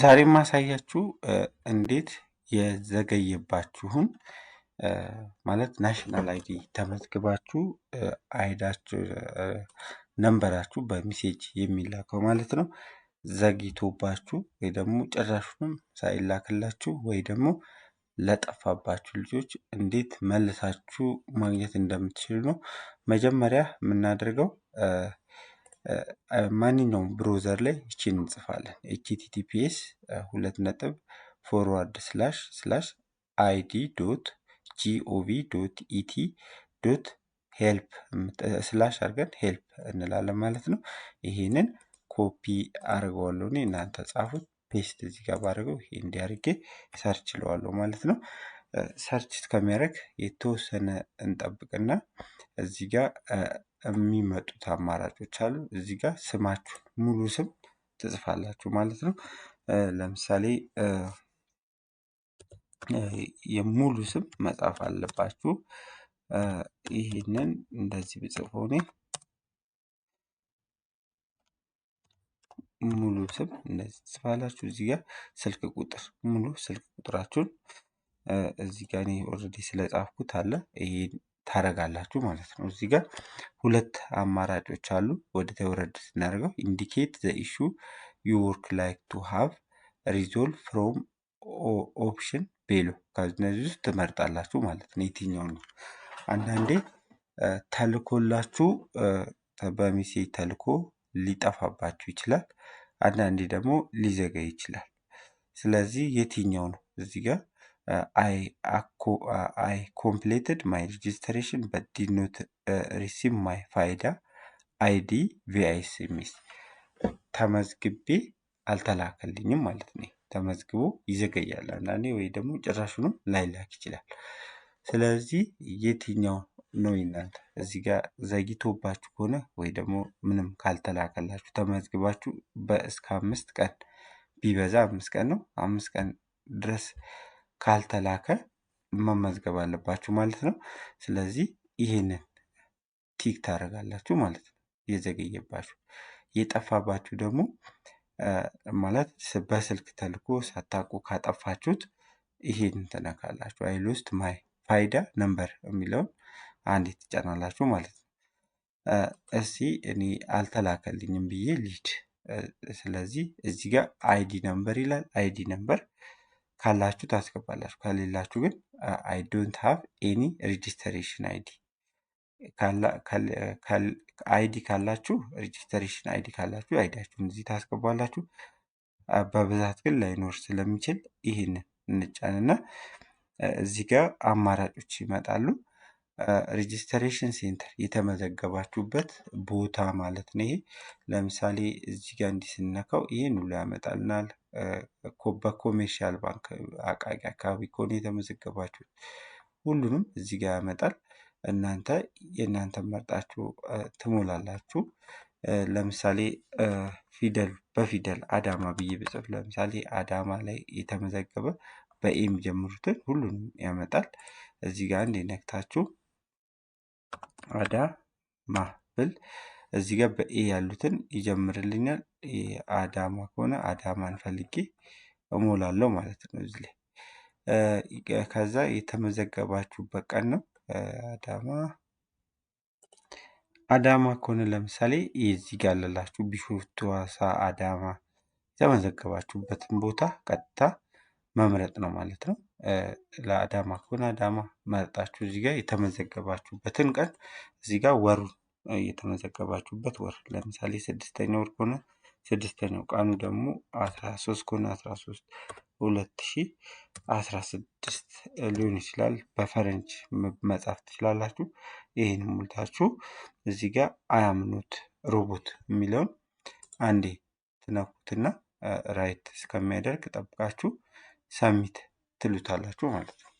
ዛሬ የማሳያችሁ እንዴት የዘገየባችሁን ማለት ናሽናል አይዲ ተመዝግባችሁ አይዳችሁ ነንበራችሁ በሚሴጅ የሚላከው ማለት ነው ዘግይቶባችሁ ወይ ደግሞ ጭራሹንም ሳይላክላችሁ ወይ ደግሞ ለጠፋባችሁ ልጆች እንዴት መልሳችሁ ማግኘት እንደምትችሉ ነው። መጀመሪያ የምናደርገው ማንኛውም ብሮዘር ላይ ይችን እንጽፋለን ኤችቲቲፒኤስ ሁለት ነጥብ ፎርዋርድ ስላሽ ስላሽ አይዲ ዶት ጂኦቪ ዶት ኢቲ ዶት ሄልፕ ስላሽ አድርገን ሄልፕ እንላለን ማለት ነው። ይሄንን ኮፒ አድርገዋለሁ እኔ እናንተ ጻፉት። ፔስት እዚህ ጋር ባድርገው ይሄ እንዲያርጌ ሰርች ችለዋለሁ ማለት ነው። ሰርች ከሚያደርግ የተወሰነ እንጠብቅና እዚህ ጋር የሚመጡት አማራጮች አሉ። እዚህ ጋር ስማችሁ ሙሉ ስም ትጽፋላችሁ ማለት ነው። ለምሳሌ የሙሉ ስም መጻፍ አለባችሁ። ይህንን እንደዚህ ብጽፎ እኔ ሙሉ ስም እንደዚህ ትጽፋላችሁ። እዚህ ጋር ስልክ ቁጥር ሙሉ ስልክ ቁጥራችሁን እዚህ ጋር እኔ ኦልሬዲ ስለጻፍኩት አለ ይሄን ታደርጋላችሁ ማለት ነው። እዚህ ጋር ሁለት አማራጮች አሉ። ወደ ተወረድ ስናደርገው ኢንዲኬት ዘ ኢሹ ዩ ወርክ ላይክ ቱ ሃቭ ሪዞልቭ ፍሮም ኦፕሽን ቤሎ ከነዚህ ውስጥ ትመርጣላችሁ ማለት ነው። የትኛው ነው? አንዳንዴ ተልኮላችሁ በሚሴ ተልኮ ሊጠፋባችሁ ይችላል። አንዳንዴ ደግሞ ሊዘገይ ይችላል። ስለዚህ የትኛው ነው እዚህ ጋር አይ ኮምፕሌትድ ማይ ሬጅስትሬሽን በት ዲድ ኖት ሪሲቭ ማይ ፋይዳ አይዲ ቪአይኤስኤምኤስ ተመዝግቤ አልተላከልኝም ማለት ነው። ተመዝግቦ ይዘገያል አንዳንዴ፣ ወይ ደግሞ ጭራሹንም ላይላክ ይችላል። ስለዚህ የትኛው ነው ይናንተ እዚህ ጋር ዘግይቶባችሁ ከሆነ ወይ ደግሞ ምንም ካልተላከላችሁ ተመዝግባችሁ በእስከ አምስት ቀን ቢበዛ አምስት ቀን ነው አምስት ቀን ድረስ ካልተላከ መመዝገብ አለባችሁ ማለት ነው። ስለዚህ ይህንን ቲክ ታደርጋላችሁ ማለት ነው። የዘገየባችሁ የጠፋባችሁ ደግሞ ማለት በስልክ ተልኮ ሳታውቁ ካጠፋችሁት ይሄን ትነካላችሁ። አይ ሎስት ማይ ፋይዳ ነምበር የሚለውን አንድ ትጫናላችሁ ማለት ነው። እስቲ እኔ አልተላከልኝም ብዬ ሊድ ስለዚህ እዚህ ጋር አይዲ ነምበር ይላል። አይዲ ነምበር ካላችሁ ታስገባላችሁ። ከሌላችሁ ግን አይ ዶንት ሃቭ ኤኒ ሬጂስትሬሽን አይዲ አይዲ ካላችሁ ሬጂስትሬሽን አይዲ ካላችሁ አይዲያችሁን እዚህ ታስገባላችሁ። በብዛት ግን ላይኖር ስለሚችል ይህንን እንጫንና እዚህ ጋር አማራጮች ይመጣሉ። ሬጂስትሬሽን ሴንተር የተመዘገባችሁበት ቦታ ማለት ነው። ይሄ ለምሳሌ እዚህ ጋር እንዲህ ስነካው ይህን ሁሉ ያመጣልናል። በኮሜርሻል ባንክ አቃቂ አካባቢ ከሆነ የተመዘገባችሁት ሁሉንም እዚህ ጋር ያመጣል። እናንተ የእናንተ መርጣችሁ ትሞላላችሁ። ለምሳሌ ፊደል በፊደል አዳማ ብዬ ብጽፍ ለምሳሌ አዳማ ላይ የተመዘገበ በኤም ጀምሩትን ሁሉንም ያመጣል። እዚህ ጋር እንዲነክታችሁ አዳማ ብል እዚህ ጋር በኤ ያሉትን ይጀምርልኛል። አዳማ ከሆነ አዳማን ፈልጌ እሞላለሁ ማለት ነው እዚህ ላይ ከዛ የተመዘገባችሁበት ቀን ነው። አዳማ አዳማ ከሆነ ለምሳሌ እዚህ ጋር ያለላችሁ ቢሾፍቱ፣ ሐዋሳ፣ አዳማ የተመዘገባችሁበትን ቦታ ቀጥታ መምረጥ ነው ማለት ነው። ለአዳማ ከሆነ አዳማ መርጣችሁ እዚህ ጋር የተመዘገባችሁበትን ቀን እዚህ ጋር ወሩን የተመዘገባችሁበት ወር ለምሳሌ ስድስተኛ ወር ከሆነ ስድስተኛው ቀኑ ደግሞ አስራ ሶስት ከሆነ አስራ ሶስት ሁለት ሺ አስራ ስድስት ሊሆን ይችላል። በፈረንጅ መጻፍ ትችላላችሁ። ይህን ሙልታችሁ እዚህ ጋር አያምኑት ሮቦት የሚለውን አንዴ ትነኩትና ራይት እስከሚያደርግ ጠብቃችሁ ሰሚት ትሉታላችሁ ማለት ነው።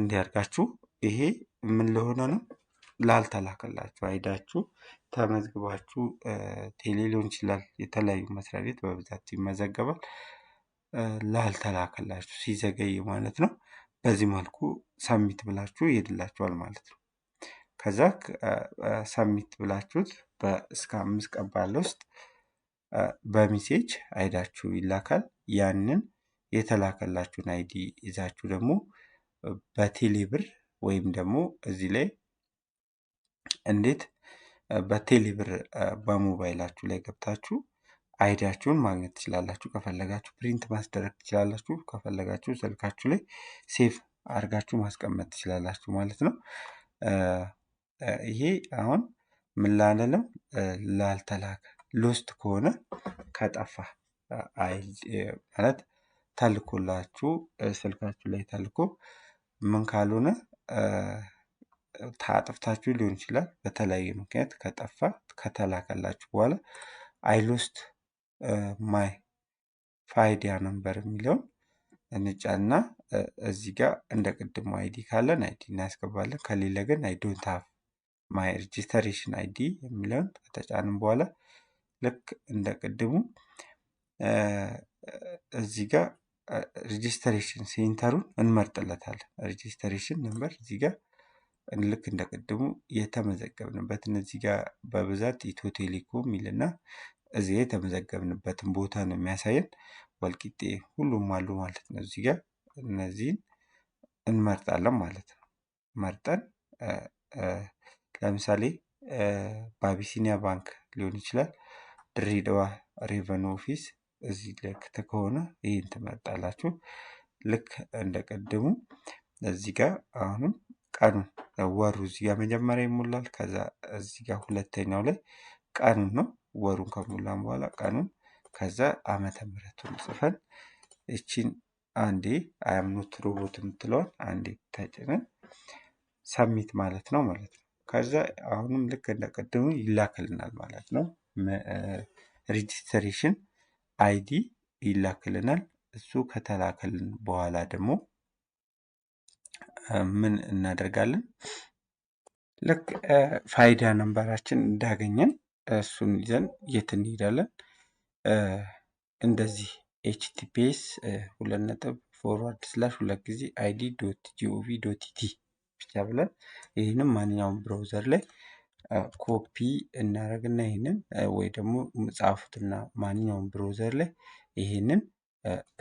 እንዲያርጋችሁ ይሄ ምን ለሆነ ነው ላልተላከላችሁ አይዳችሁ ተመዝግባችሁ ቴሌ ሊሆን ይችላል። የተለያዩ መስሪያ ቤት በብዛት ይመዘገባል። ላልተላከላችሁ ሲዘገይ ማለት ነው። በዚህ መልኩ ሰሚት ብላችሁ ይሄድላችኋል ማለት ነው። ከዛ ሰሚት ብላችሁት እስከ አምስት ቀን ባለ ውስጥ በሚሴጅ አይዳችሁ ይላካል ያንን የተላከላችሁን አይዲ ይዛችሁ ደግሞ በቴሌ ብር ወይም ደግሞ እዚህ ላይ እንዴት በቴሌ ብር በሞባይላችሁ ላይ ገብታችሁ አይዲያችሁን ማግኘት ትችላላችሁ። ከፈለጋችሁ ፕሪንት ማስደረግ ትችላላችሁ። ከፈለጋችሁ ስልካችሁ ላይ ሴፍ አድርጋችሁ ማስቀመጥ ትችላላችሁ ማለት ነው። ይሄ አሁን ምን ላለለም ላልተላከ ሎስት ከሆነ ከጠፋ ማለት ተልኮላችሁ ስልካችሁ ላይ ተልኮ ምን ካልሆነ ታጥፍታችሁ ሊሆን ይችላል። በተለያየ ምክንያት ከጠፋ ከተላከላችሁ በኋላ አይሎስት ማይ ፋይዲያ ነንበር የሚለውን እንጫና እዚህ ጋር እንደ ቅድሙ አይዲ ካለን አይዲ እናያስገባለን። ከሌለ ግን አይ ዶንት ሃቭ ማይ ሬጂስተሬሽን አይዲ የሚለውን ከተጫንም በኋላ ልክ እንደ ቅድሙ እዚህ ጋር ሬጅስትሬሽን ሴንተሩን እንመርጥለታለን። ሬጅስትሬሽን ነንበር እዚህ ጋር ልክ እንደ ቅድሙ የተመዘገብንበትን ጋር በብዛት ኢትዮ ቴሌኮም ይልና እዚህ የተመዘገብንበትን ቦታ ነው የሚያሳየን። ወልቂጤ ሁሉም አሉ ማለት ነው። እዚህ ጋር እነዚህን እንመርጣለን ማለት ነው። መርጠን ለምሳሌ በአቢሲኒያ ባንክ ሊሆን ይችላል ድሬዳዋ ሬቨን ኦፊስ እዚህ ልክ ከሆነ ይህን ትመርጣላችሁ። ልክ እንደ ቅድሙ እዚህ ጋር አሁንም ቀኑን ወሩ እዚህ ጋር መጀመሪያ ይሞላል። ከዛ እዚህ ጋር ሁለተኛው ላይ ቀኑን ነው። ወሩን ከሞላን በኋላ ቀኑን ከዛ አመተ ምህረቱን ጽፈን እቺን አንዴ አያምኖት ሮቦት የምትለዋል አንዴ ተጭነን ሰሚት ማለት ነው ማለት ነው። ከዛ አሁንም ልክ እንደ ቅድሙ ይላክልናል ማለት ነው ሬጅስትሬሽን አይዲ ይላክልናል። እሱ ከተላከልን በኋላ ደግሞ ምን እናደርጋለን? ልክ ፋይዳ ነንበራችን እንዳገኘን እሱን ይዘን የት እንሄዳለን? እንደዚህ ኤችቲፒኤስ ሁለት ነጥብ ፎርዋርድ ስላሽ ሁለት ጊዜ አይዲ ዶት ጂኦቪ ዶት ኢቲ ብቻ ብለን ይህንም ማንኛውም ብራውዘር ላይ ኮፒ እናደረግና ይሄንን ወይ ደግሞ ጻፉትና ማንኛውም ብሮዘር ላይ ይህንን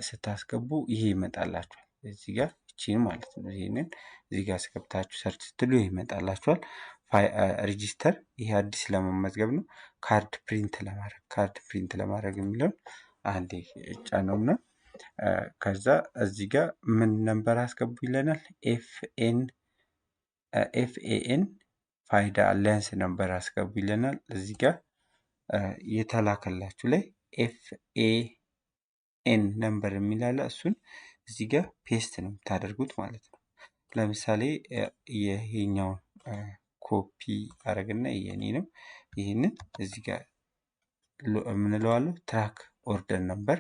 ስታስገቡ ይሄ ይመጣላችኋል። እዚህ ጋር እቺን ማለት ነው። ይህንን እዚህ ጋር አስገብታችሁ ሰርች ስትሉ ይሄ ይመጣላችኋል። ሬጂስተር ይሄ አዲስ ለመመዝገብ ነው። ካርድ ፕሪንት ለማድረግ ካርድ ፕሪንት ለማድረግ የሚለውን አንዴ እጫ ነውና ከዛ እዚህ ጋር ምን ነንበር አስገቡ ይለናል ኤፍኤን ኤፍኤኤን ፋይዳ አላያንስ ነበር አስገቡ ይለናል። እዚህ ጋር የተላከላችሁ ላይ ኤፍ ኤ ኤን ነንበር የሚላለ እሱን እዚህ ጋር ፔስት ነው የምታደርጉት ማለት ነው። ለምሳሌ ይሄኛውን ኮፒ አረግና ነው ይህንን እዚህ ጋር የምንለዋለው ትራክ ኦርደር ነንበር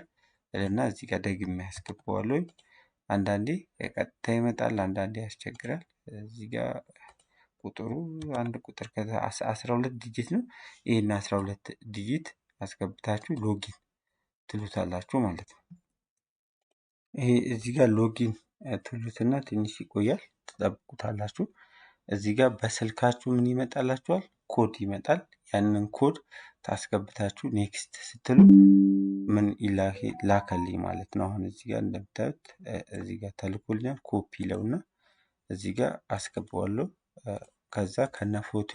እና እዚህ ጋር ደግሜ ያስገባዋለሁ። አንዳንዴ ቀጥታ ይመጣል፣ አንዳንዴ ያስቸግራል። እዚህ ጋር ቁጥሩ አንድ ቁጥር ከዛ አስራ ሁለት ዲጂት ነው። ይሄን አስራ ሁለት ዲጂት አስገብታችሁ ሎጊን ትሉታላችሁ ማለት ነው። ይሄ እዚህ ጋር ሎጊን ትሉትና ትንሽ ይቆያል ትጠብቁታላችሁ። እዚህ ጋር በስልካችሁ ምን ይመጣላችኋል? ኮድ ይመጣል። ያንን ኮድ ታስገብታችሁ ኔክስት ስትሉ ምን ላከልኝ ማለት ነው። አሁን እዚህ ጋር እንደምታዩት እዚህ ጋር ተልኮልኛል። ኮፒ ለውና እዚህ ጋር አስገባዋለሁ። ከዛ ከነ ፎቶ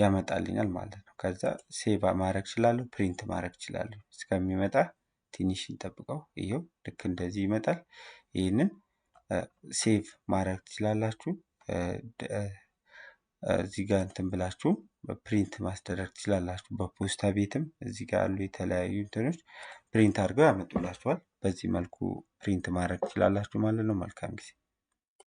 ያመጣልኛል ማለት ነው። ከዛ ሴቭ ማድረግ እችላለሁ ፕሪንት ማድረግ እችላለሁ እስከሚመጣ ትንሽ እንጠብቀው። ይሄው ልክ እንደዚህ ይመጣል። ይህንን ሴቭ ማድረግ ትችላላችሁ። እዚህ ጋር እንትን ብላችሁ ፕሪንት ማስደረግ ትችላላችሁ። በፖስታ ቤትም እዚህ ጋር ያሉ የተለያዩ እንትኖች ፕሪንት አድርገው ያመጡላችኋል። በዚህ መልኩ ፕሪንት ማድረግ ትችላላችሁ ማለት ነው። መልካም ጊዜ